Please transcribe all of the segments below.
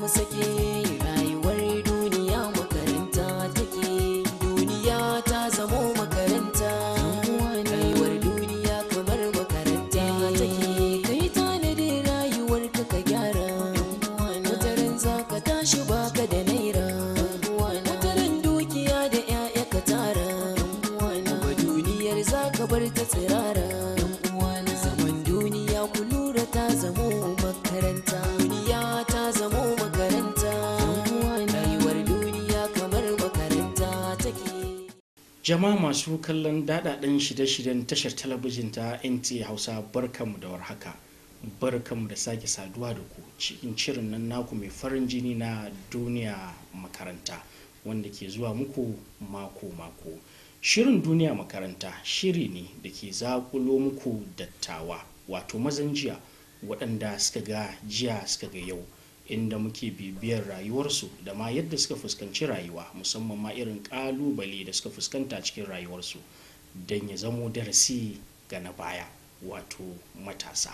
mu sake rayuwar duniya makaranta take duniya ta zamo makaranta rayuwar duniya kamar makaranta take kai tanadin rayuwar ka ka gyara wataran za ka tashi baka da naira wataran dukiya da 'ya'ya ka tara duniyar za ka bar ta tsirara jama masu kallon dadaɗin shirye-shiryen tashar talabijin ta nt hausa barkanmu da warhaka barkanmu da sake saduwa da ku cikin shirin nan naku mai farin jini na duniya makaranta wanda ke zuwa muku mako-mako shirin duniya makaranta shiri ne da ke zakulo muku dattawa wato mazan jiya waɗanda suka ga jiya suka ga yau inda muke bibiyar rayuwarsu da ma yadda suka fuskanci rayuwa musamman ma irin kalubale da suka fuskanta cikin rayuwarsu don ya zamo darasi ga na baya wato matasa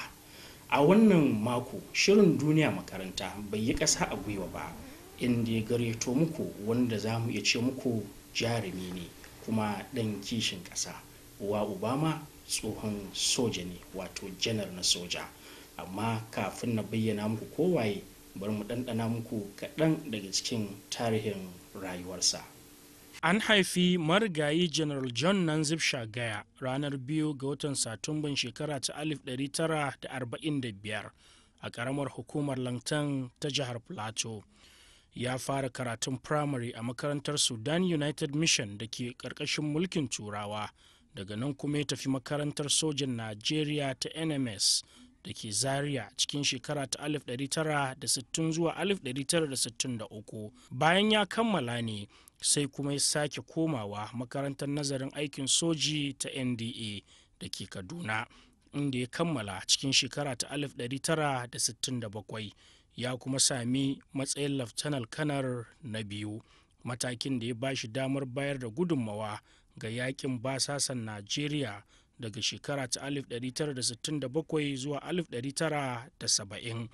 a wannan mako shirin duniya makaranta bai yi ƙasa a gwiwa ba inda ya gareto muku wanda za mu iya ce muku jarumi ne kuma ɗan kishin ƙasa uwa obama tsohon soja ne wato janar na soja amma kafin na bayyana muku kowaye bari mu ɗanɗana muku kaɗan daga cikin tarihin rayuwarsa an haifi marigayi general john nanzib shagaya ranar biyu ga watan satumban shekara ta 1945 a ƙaramar hukumar langtan ta jihar plateau ya fara karatun primary a makarantar sudan united mission da ke ƙarƙashin mulkin turawa daga nan kuma ya tafi makarantar sojan najeriya ta nms da ke zaria cikin shekara ta 1960 zuwa 1963 bayan ya kammala ne sai kuma ya sake komawa makarantar nazarin aikin soji ta nda da ke kaduna inda ya kammala cikin shekara ta 1967 ya kuma sami matsayin laftanar kanar na biyu matakin da ya bashi damar bayar da gudunmawa ga yakin basasan najeriya daga shekara ta 1967 zuwa 1970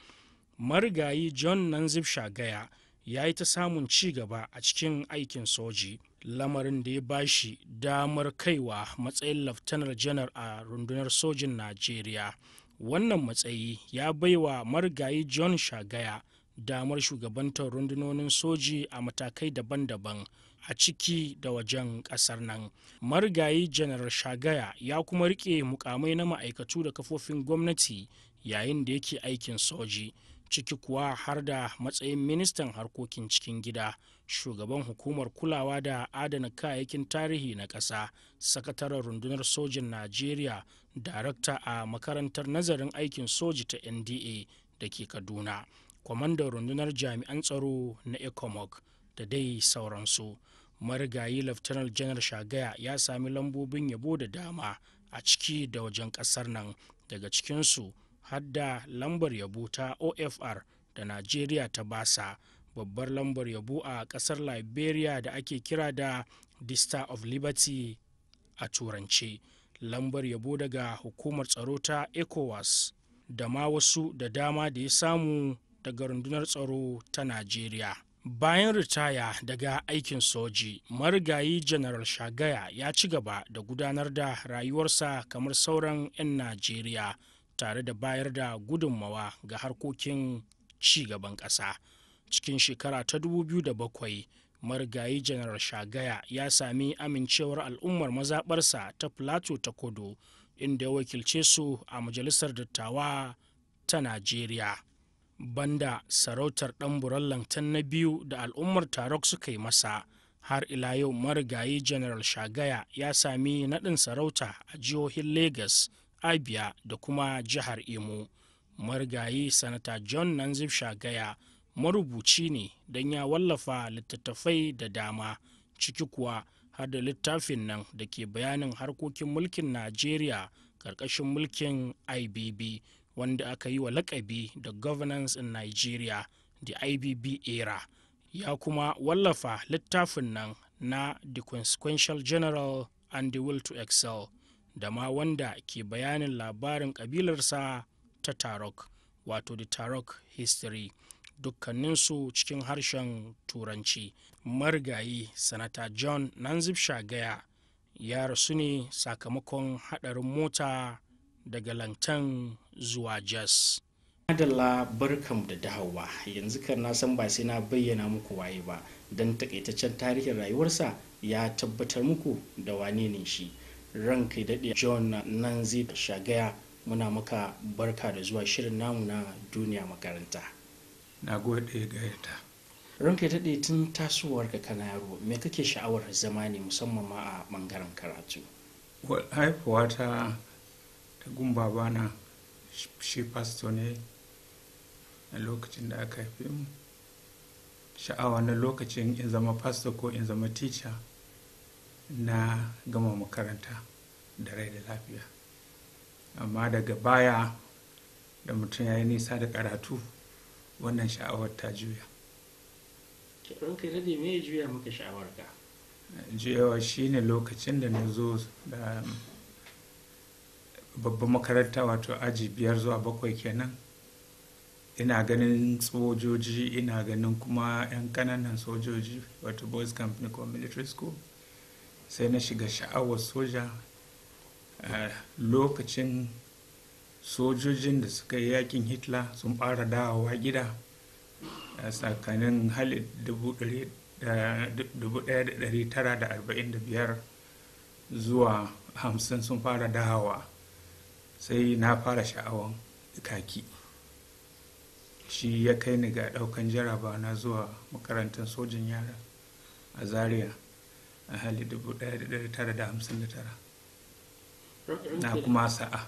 marigayi john nanzib shagaya ya yi ta samun ci gaba a cikin aikin soji lamarin da ya ba shi damar kaiwa matsayin laftanar janar a rundunar sojin najeriya wannan matsayi ya baiwa marigayi john shagaya damar shugabantar rundunonin soji a matakai daban-daban a ciki da wajen kasar nan marigayi janar shagaya ya kuma rike mukamai na ma'aikatu da kafofin gwamnati yayin da yake aikin soji ciki kuwa har da matsayin ministan harkokin cikin gida shugaban hukumar kulawa da adana kayayyakin tarihi na ƙasa sakataren rundunar sojin najeriya darakta a makarantar nazarin aikin soji ta nda da ke kaduna kwamandan rundunar jami'an tsaro na ecomog da dai sauransu marigayi laftanar janar shagaya ya sami lambobin yabo da dama a ciki da wajen kasar nan daga cikinsu hadda lambar yabo ta ofr da nigeria ta basa babbar lambar yabo a kasar liberia da ake kira da the star of liberty a turance lambar yabo daga hukumar tsaro ta ecowas da ma wasu da dama da ya samu daga rundunar tsaro ta nigeria. bayan ritaya daga aikin soji marigayi general shagaya ya ci gaba da gudanar da rayuwarsa kamar sauran 'yan najeriya tare da bayar da gudunmawa ga harkokin ci gaban ƙasa cikin shekara ta 2007 marigayi general shagaya ya sami amincewar al'ummar mazaɓarsa ta plateau ta kudu inda ya wakilce su a majalisar dattawa ta najeriya banda sarautar ɗan buran lantan na biyu da al'ummar tarok suka yi masa har ila yau marigayi general shagaya ya sami naɗin sarauta a jihohin lagos abia da kuma jihar imo marigayi sanata john nanzib shagaya marubuci ne don ya wallafa littattafai da dama ciki kuwa har da littafin nan da ke bayanin harkokin mulkin najeriya ƙarƙashin mulkin ibb wanda aka yi wa lakabi da governance in nigeria the ibb era ya kuma wallafa littafin nan na the consequential general and the will to excel da ma wanda ke bayanin labarin kabilarsa ta tarok wato the tarok history dukkaninsu cikin harshen turanci marigayi sanata john nanzib shagaya ya rasu ne sakamakon hadarin mota daga lantan zuwa jazz. Adalla barkam da dahawa yanzu kan na san ba sai na bayyana muku waye ba don takaitaccen tarihin rayuwarsa ya tabbatar muku da wane ne shi ranka daɗe john nanzi shagaya muna maka barka da zuwa shirin namu na duniya makaranta na gode Ran ranka daɗe tun tasowar ka kana yaro me kake sha'awar zama ne musamman ma a ɓangaren karatu haifuwa ta Tagun gun babana shi pastor ne a lokacin da aka haife mu sha'awa na lokacin in zama pastor ko in zama teacher na gama makaranta da rai da lafiya amma daga baya da mutum ya yi nisa da karatu wannan sha'awar ta juya ranka daɗe me ya juya maka sha'awarka juyawa shine lokacin da na zo da babban makaranta wato aji biyar zuwa bakwai kenan ina ganin sojoji ina ganin kuma 'yan kananan sojoji wato boys camp ne military school sai na shiga sha'awar soja a lokacin sojojin da suka yi yakin hitler sun fara dawowa gida a tsakanin halin 1945 zuwa 50 sun fara dawowa sai na fara sha'awar kaki shi ya kai ni ga daukan jaraba na zuwa makarantar sojin yara a zaria a hali 1959 na kuma sa'a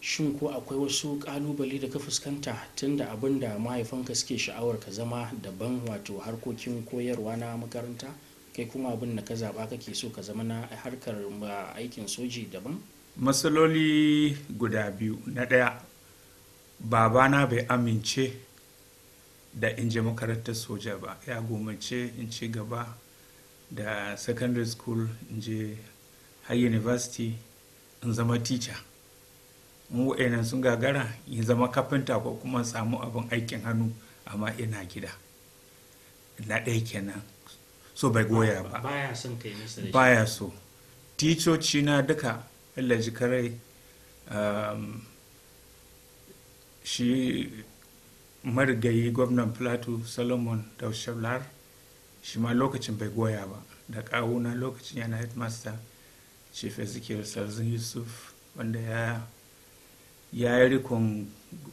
shin ko akwai wasu kalubale da ka fuskanta tun da abin da mahaifanka suke sha'awar ka zama daban wato harkokin koyarwa na makaranta kai kuma abin da ka zaba kake so ka zama na harkar aikin soji daban matsaloli guda biyu na ɗaya babana bai amince da in je makarantar soja ba ya gomace in ci gaba da secondary school in je high university in zama teacher mu wa'annan sun gagara in zama kafinta ko kuma samu abin aikin hannu amma ina gida na ɗaya kenan so bai goya ba baya so ticoci na duka allah ji karai shi marigayi gwamnan plateau solomon daushablar shi ma lokacin bai goya ba da kawuna lokacin yana headmaster chief ezekiel salzin yusuf wanda ya ya yi rikon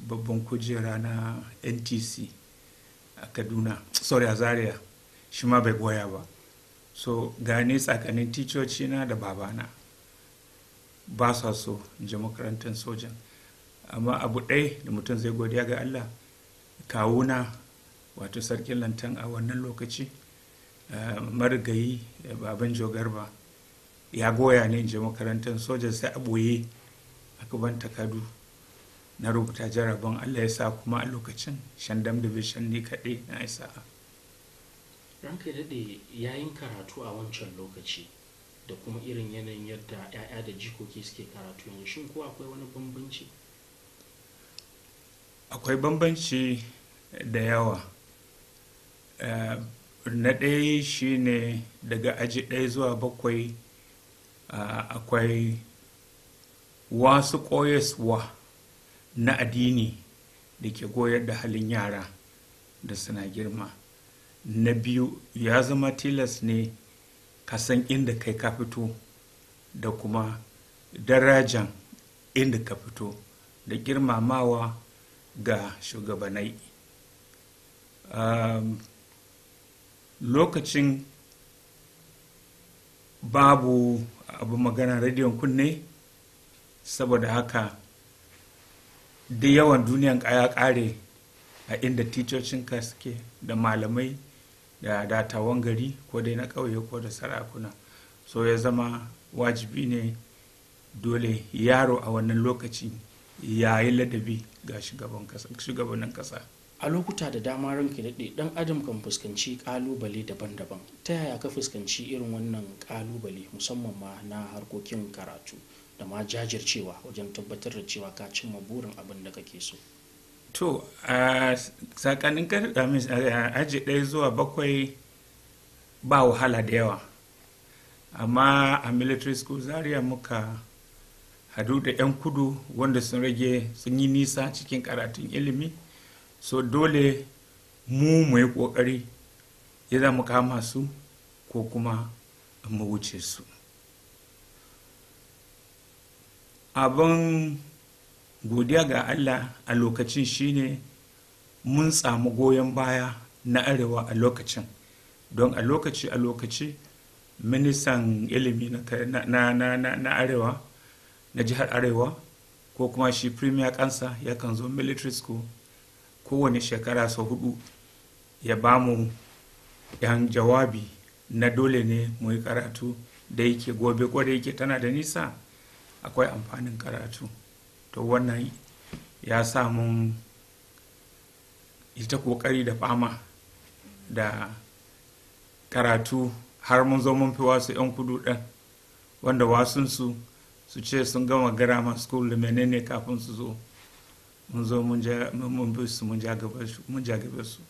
babban kujera na ntc a kaduna sorry a zaria shi ma bai goya ba so gane tsakanin ticoci na da babana ba sa so je makarantar sojan amma abu ɗaya da mutum zai godiya ga allah kawuna wato sarkin lantan a wannan lokaci eh, marigayi eh, baban jogarba ya goya ne je makarantar sojan sai a ɓoye a gaban takadu na rubuta jaraban allah ya sa kuma a lokacin shandam division ne kaɗai na isa'a ranka daɗe yayin karatu a wancan lokaci da kuma irin yanayin yadda 'ya'ya da jikoki suke karatu yanzu shin ko akwai wani bambanci akwai bambanci da yawa eh, na ɗaya shi ne daga aji ɗaya zuwa bakwai ah, akwai wasu koyaswa na addini da ke goyar da halin yara da suna girma na biyu ya zama tilas ne ka san inda kai ka fito da kuma darajan inda ka fito da girmamawa ga shugabanai um, lokacin babu abu magana rediyon kunne saboda haka da yawan duniyan ƙaya kare a inda ticocinka suke da malamai da datawan gari ko dai na ƙauye ko da sarakuna so ya zama wajibi ne dole yaro a wannan lokaci ya ladabi ga shugabannin ƙasa a lokuta da dama ranka daɗe ɗan adam kan fuskanci ƙalubale daban-daban ta yaya ka fuskanci irin wannan ƙalubale musamman ma na harkokin karatu da ma jajircewa wajen tabbatar da cewa ka cimma burin abin da kake so to a tsakanin aji ɗaya zuwa bakwai ba wahala da yawa amma a military school zaria muka hadu da 'yan kudu wanda sun rage sun yi nisa cikin karatun ilimi so dole mu mu yi kokari ya za mu kama su ko kuma mu wuce su abin godiya ga allah a lokacin shine mun samu goyon baya na arewa a lokacin don a lokaci a lokaci ministan ilimi na, arewa na jihar arewa ko kuma shi premier kansa yakan zo military school kowane shekara sau hudu ya ba mu yan jawabi na dole ne mu yi karatu da yake gobe kwarai yake tana da nisa akwai amfanin karatu to wannan ya sa mun yi ta kokari da fama da karatu har mun zo mun fi wasu 'yan kudu ɗan wanda wasunsu su ce sun gama grammar school da menene kafin su zo mun zo mun bi su mun jagabe su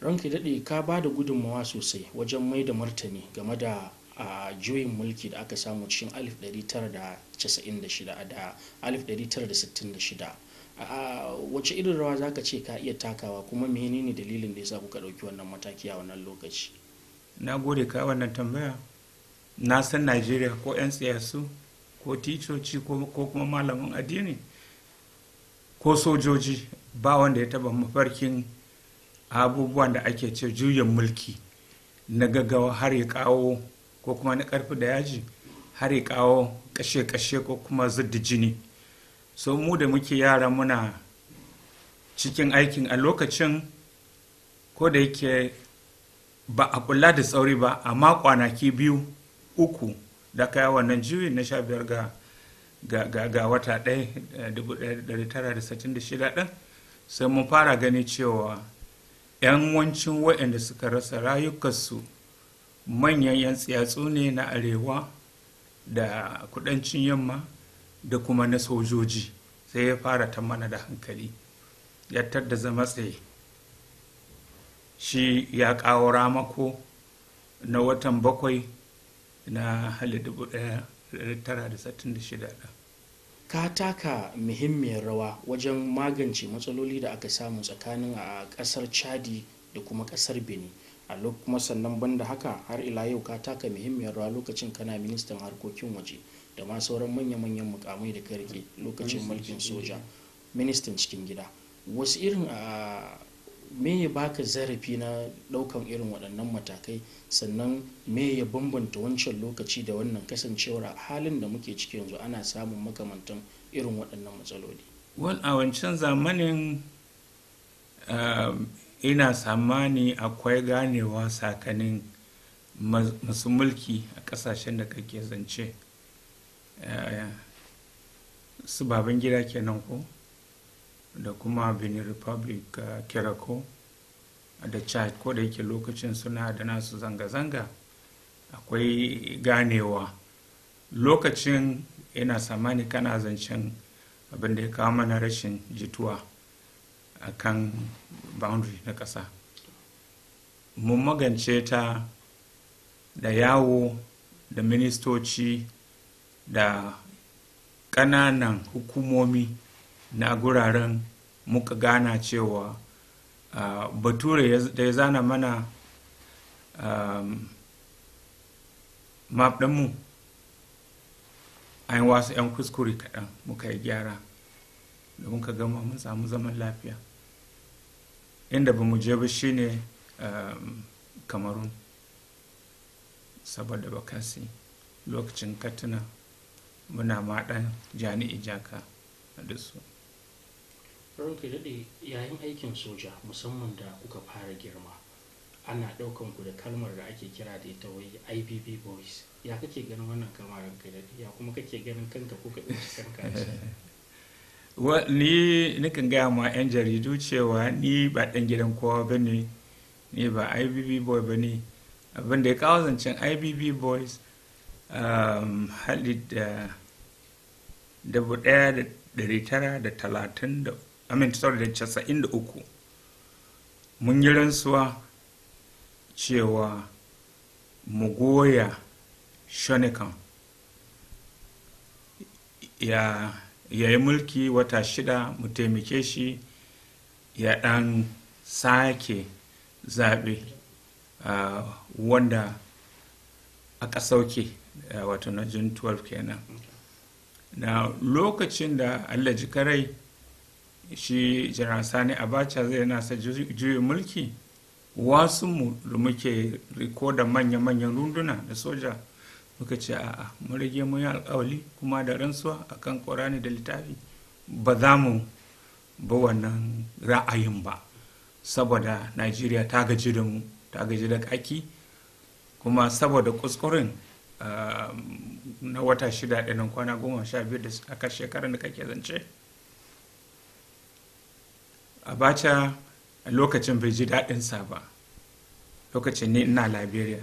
ranke daɗe ka ba da gudunmawa sosai wajen mai da martani game da a juyin mulki da aka samu cikin 1996 da 1966 wace irin rawa za ka ce ka iya takawa kuma menene dalilin da ya sa kuka ɗauki wannan mataki a wannan lokaci na gode ka wannan tambaya na san najeriya ko 'yan siyasu ko ticoci ko kuma malamin addini ko sojoji ba wanda ya taba mafarkin abubuwan da ake ce juyin mulki na gaggawa har ya kawo ko kuma na karfi da yaji har ya kawo kashe-kashe ko kuma zidda jini so mu da muke yara muna cikin aikin a lokacin ko da yake ba a kula da tsauri ba amma kwanaki biyu uku da kaya wannan juyin na sha biyar ga ga, wata ɗaya 1966 eh, ɗin sai mun fara gani cewa 'yan wancin waɗanda suka rasa rayukansu manyan 'yan tsiyatsu ne na arewa da kudancin yamma da kuma na sojoji sai ya fara ta mana da hankali ya tadda zama tsaye shi ya kawo ramako na watan bakwai na 1966 ka taka muhimmiyar rawa wajen magance matsaloli da aka samu tsakanin a kasar chadi da kuma kasar benin a kuma sannan banda haka har ila yau ka taka muhimmiyar rawa lokacin kana ministan harkokin waje da ma sauran manya-manyan mukamai da ka rike lokacin mulkin soja ministan cikin gida wasu irin a me ya baka zarafi na daukan irin waɗannan matakai sannan me ya bambanta wancan lokaci da wannan kasancewar halin da muke ciki yanzu ana samun makamantan irin waɗannan matsaloli a wancan zamanin um, ina tsammani akwai ganewa tsakanin masu mulki a kasashen da kake zance eh, su baban gida kenan ko da kuma benin republic eh, kirako da chad ko da yake lokacin suna da nasu zanga-zanga akwai ganewa lokacin ina tsammani kana zancen abin da ya kawo mana rashin jituwa a kan boundary na ƙasa mun magance ta da yawo da ministoci da ƙananan hukumomi na guraren muka gana cewa uh, bature da ya zana mana um, map ɗinmu an yi wasu 'yan kuskure kaɗan muka yi gyara da muka gama mun samu zaman lafiya inda ba mu je ba shine kamarun um, saboda bakasi lokacin katina muna maɗan jani ijaka a dusu ranka daɗe yayin aikin soja musamman da kuka fara girma ana ɗaukan ku da kalmar da ake kira da ita wai ibb boys ya kake ganin wannan kamarin ka daɗe ya kuma kake ganin kanka ko ɗauki kanka ni kan gaya ma 'yan jaridu cewa ni ba ɗan gidan kowa ba ne ni ba ibb boy ba ne abin da ya kawo zancen ibb boys um, haɗi da dubu ɗaya da ɗari tara da talatin da amin da casa'in da uku mun yi rantsuwa cewa mu goya shonikan ya ya yi mulki wata shida mu taimake shi ya ɗan sake zaɓe wanda aka sauke wato na jin 12 kenan na lokacin da allah jikarai shi jiran sani abacha zai nasa juyin mulki wasu mu da muke riko manya-manyan runduna da soja muka ce a'a mun rage mun yi alkawali kuma da rantsuwa akan ƙorani da littafi ba za mu ba wannan ra'ayin ba saboda najeriya ta gaji da mu ta gaji da kaki kuma saboda kuskuren ah, na wata shida ɗanin kwana goma sha biyu da aka shekarar da kake zance abacha a lokacin bai ji daɗinsa ba lokacin ne ina liberia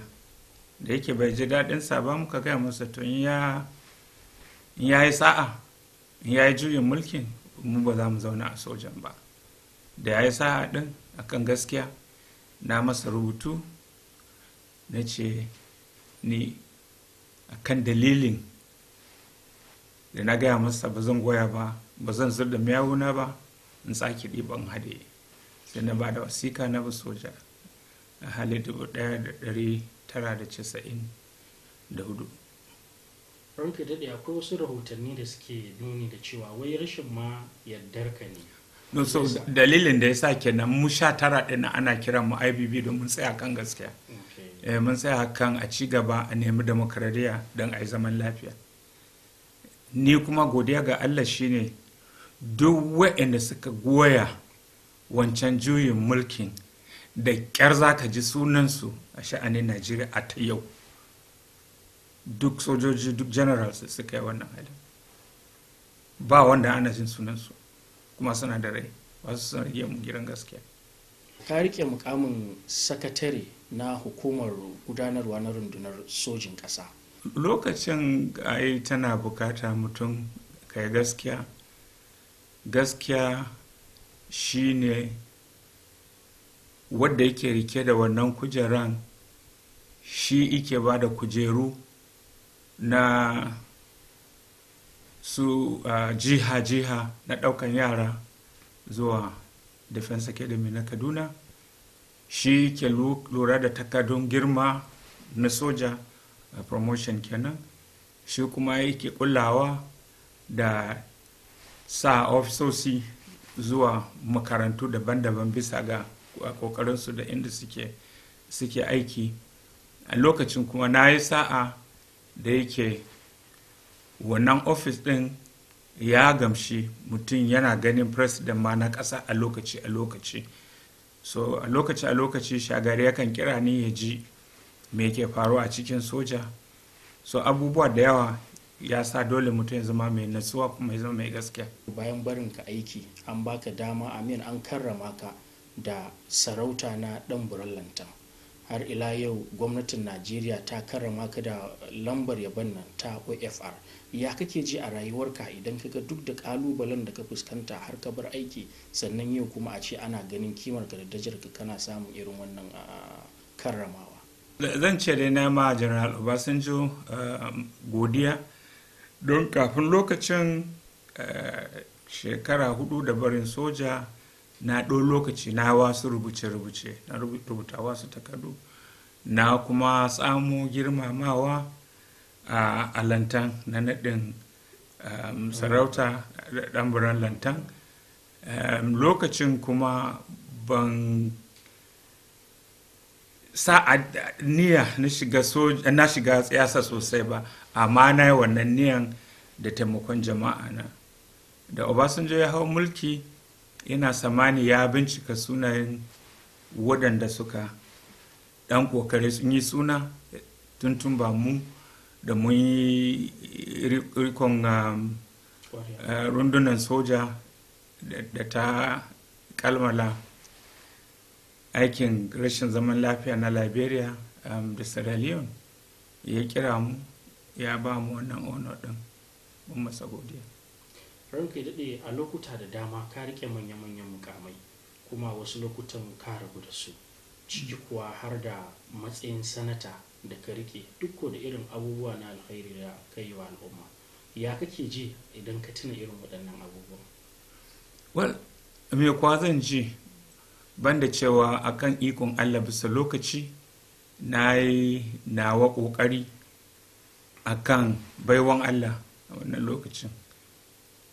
da yake bai ji sa ba muka gaya masa to in ya yi sa'a in ya yi juyin mulkin mu ba za mu zauna a sojan ba da ya yi sa'a ɗin kan gaskiya na masa rubutu na ce ni a kan dalilin da na gaya masa ba zan goya ba ba zan da miyawuna ba in tsaki ɗiban hade sai na ba da wasika na ba soja a halittu dubu da ɗari tara da casa'in da hudu ranka daɗe akwai wasu rahotanni da suke nuni da cewa wai rashin ma yardar ka ne no dalilin da ya sa kenan mu sha tara ɗin ana kiran mu ibb domin tsaya kan gaskiya eh, mun tsaya kan a ci gaba a nemi demokradiyya don a yi zaman lafiya ni kuma godiya ga allah shine duk waɗanda suka goya wancan juyin mulkin da ƙyar za ka ji sunansu a sha'anin najeriya a ta yau duk sojoji duk generals suka yi wannan halin ba wanda ana jin sunansu kuma suna da rai ba su suna mu giran gaskiya ka rike mukamin sakatare na hukumar gudanarwa na rundunar sojin ƙasa lokacin ai tana bukata mutum kai gaskiya gaskiya shine wadda yake rike da wannan kujeran shi ike ba da kujeru na su jiha-jiha na ɗaukan yara zuwa defense academy na kaduna shi ke lura da takardun girma na soja uh, promotion kenan shi kuma yake kulawa da sa ofisosi zuwa makarantu daban-daban bisa ga kokarinsu da inda suke suke aiki a lokacin kuma na yi sa'a da yake wannan ofis ɗin ya gamshi mutum yana ganin president ma na ƙasa a lokaci a lokaci so a lokaci a lokaci shagari yakan kira ni ya ji me ke faruwa a cikin soja so abubuwa da yawa ya sa dole mutum ya zama mai natsuwa kuma ya zama mai gaskiya bayan barin ka aiki an baka dama amin an karrama ka da sarauta na ɗan burallanta har ila yau gwamnatin najeriya ta karrama ka da lambar yaban nan ta ofr ya kake ji a rayuwarka idan kaga duk da kalubalen da ka fuskanta har ka bar aiki sannan yau kuma a ce ana ganin kimar ka da dajar ka kana samun irin wannan karramawa zan ce dai na ma general obasanjo godiya don kafin lokacin shekara hudu da barin soja na ɗau lokaci na wasu rubuce-rubuce na rubuta wasu takardu na kuma samu girmamawa a uh, lantan na naɗin um, sarauta ɗanburan lantan um, lokacin kuma ban sa niyya na shiga tsiyasa sosai ba amma na yi wannan niyan da taimakon jama'a na da obasanjo ya hau mulki yana samani ya bincika sunayen waɗanda suka ɗan kokari sun yi suna tuntun ba mu da mun yi rikon um, eh, rundunan soja da ta kalmala aikin rashin zaman lafiya na liberia um, da sierra leone ya kira mu ya ba mu wannan onodin mun masa godiya ranka ya daɗe a lokuta da dama ka riƙe manya-manyan mukamai kuma wasu lokutan ka rabu da su ciki kuwa har da matsayin sanata da ka riƙe duk da irin abubuwa na alkhairi da ka yi wa al'umma ya kake ji idan ka tuna irin waɗannan abubuwa? well me kwa zan ji banda cewa akan ikon allah bisa lokaci na yi nawa ƙoƙari akan baiwan allah a wannan lokacin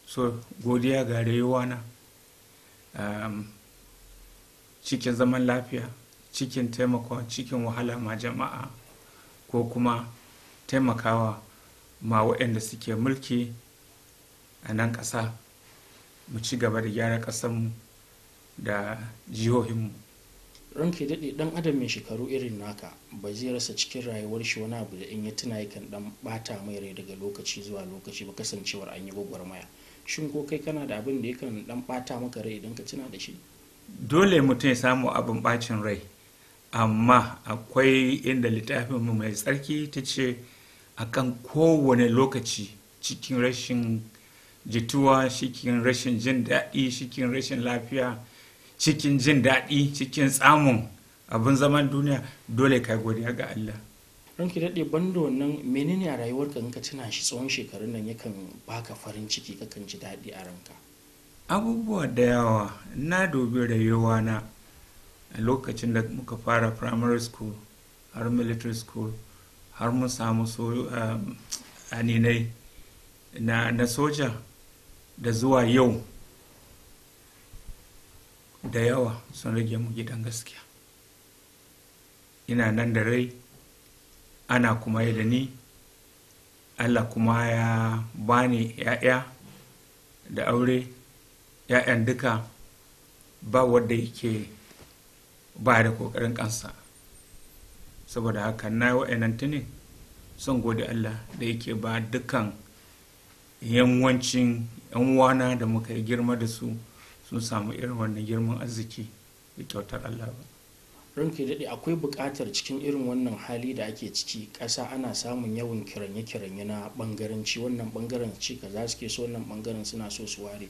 so godiya ga rayuwa na um, cikin zaman lafiya cikin taimakon cikin wahala ma jama'a ko kuma taimakawa ma waɗanda suke mulki a nan ƙasa mu ci gaba da gyara ƙasanmu da jihohinmu ranke daɗe ɗan adam mai shekaru irin naka ba zai rasa cikin rayuwar shi wani abu da in ya tuna yakan ɗan ɓata mai rai daga lokaci zuwa lokaci ba kasancewar an yi gwagwarmaya shin ko kai kana da abin da yakan dan bata maka rai idan ka cina da shi dole mutum ya samu abin bacin rai amma akwai inda littafin mu mai tsarki ta ce akan kowane lokaci cikin rashin jituwa cikin rashin jin daɗi cikin rashin lafiya cikin jin daɗi cikin tsamun abin zaman duniya dole kai godiya ga Allah ranki daɗe banda wannan menene a rayuwar in ka tuna shi tsawon shekarun nan yakan baka farin ciki kakan ji daɗi a ranka abubuwa da yawa na dubi rayuwa na a lokacin da muka fara primary school har military school har mun samu um, aninai na, na soja da zuwa yau da yawa sun rage mu gidan gaskiya ina nan da rai ana kuma yi da ni allah kuma ya bani ya'ya da aure ya'yan duka ba wadda yake ba da kokarin kansa saboda haka na yi wa'annan tuni son gode allah da yake ba dukan yawancin yan da muka yi girma da su sun samu irin wannan girman arziki da kyautar allah ba ranke daɗe akwai bukatar cikin irin wannan hali da ake ciki ƙasa ana samun yawan kiranye-kiranye na ɓangaranci wannan ɓangaren ci su ke so wannan ɓangaren suna so su ware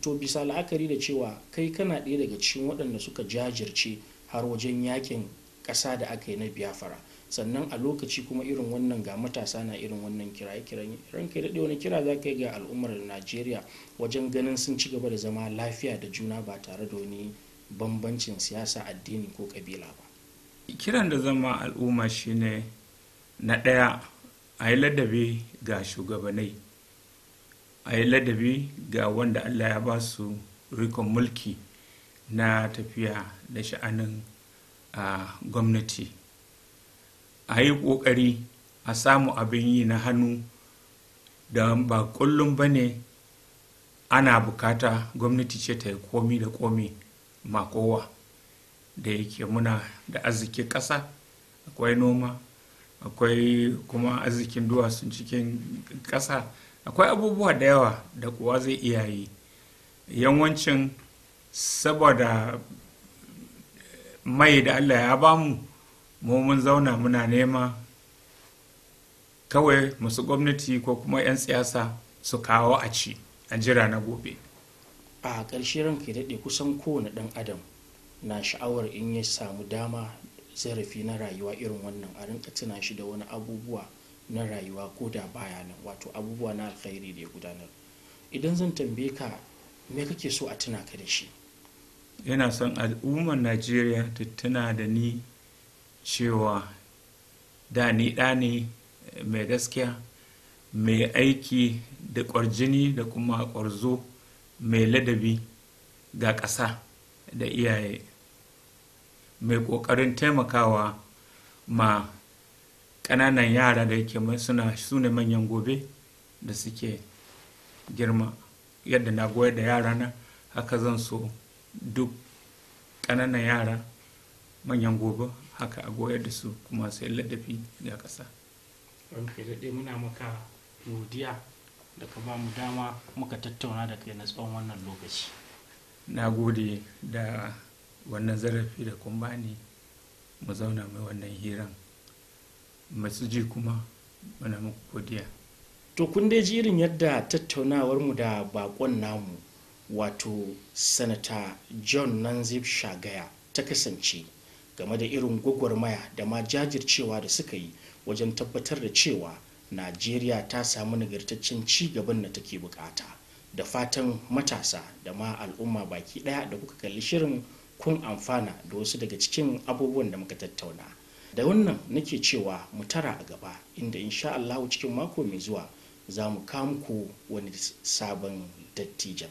to bisa la'akari da cewa kai kana ɗaya daga cikin waɗanda suka jajirce har wajen yakin ƙasa da aka yi na biyafara sannan a lokaci kuma irin wannan ga matasa na irin wannan kiraye-kiranye ranke daɗe wani kira za ka yi ga al'ummar najeriya wajen ganin sun ci gaba da zama lafiya da juna ba tare da wani bambancin siyasa addini ko kabila ba kiran da zama al'umma shine na ɗaya a yi ladabi ga shugabanai a yi ladabi ga wanda allah ya ba su rikon mulki na tafiya da sha'anin gwamnati a yi ƙoƙari a samu abin yi na hannu da ba kullum ba ne ana bukata gwamnati ce ta yi komi da komi makowa da yake muna da arziki ƙasa akwai noma akwai kuma arzikin duwatsun cikin ƙasa akwai abubuwa da yawa da kuwa zai iya yi yawancin saboda mai da allah ya bamu mu mun zauna muna nema kawai masu gwamnati ko kuma 'yan siyasa su kawo a ci a jira na gobe a ƙarshe ranka ya daɗe kusan kowane ɗan adam na sha'awar in ya samu dama zarafi na rayuwa irin wannan a rinka tuna shi da wani abubuwa na rayuwa ko da baya nan wato abubuwa na alkhairi da ya gudanar idan zan tambaye ka me kake so a tuna ka da shi yana son al'ummar najeriya ta tuna da ni cewa da ni ɗa ne mai gaskiya mai aiki da kwarjini da kuma ƙwarzo mai ladabi ga ƙasa da iyaye mai ƙoƙarin taimakawa ma ƙananan yara da yake suna su manyan gobe da suke girma yadda na goyar da yara na haka zan so duk ƙananan yara manyan gobe haka a goya da su kuma sai ladabi ga ƙasa. ranke daɗe muna maka godiya da ka ba mu dama muka tattauna da kai na tsawon wannan lokaci na gode da wannan zarafi da kun bani mu zauna mai wannan hiran masu ji kuma muna muku godiya to kun dai ji irin yadda mu da bakon namu wato sanata john nanzib shagaya ta kasance game da irin gwagwarmaya da ma jajircewa da suka yi wajen tabbatar da cewa najeriya ta samu nagartaccen ci gaban da take bukata da fatan matasa da ma al'umma baki daya da kuka kalli shirin kun amfana da wasu daga cikin abubuwan da muka tattauna da wannan nake cewa mu tara a gaba inda insha Allahu cikin mako mai zuwa za mu muku wani sabon dattijan.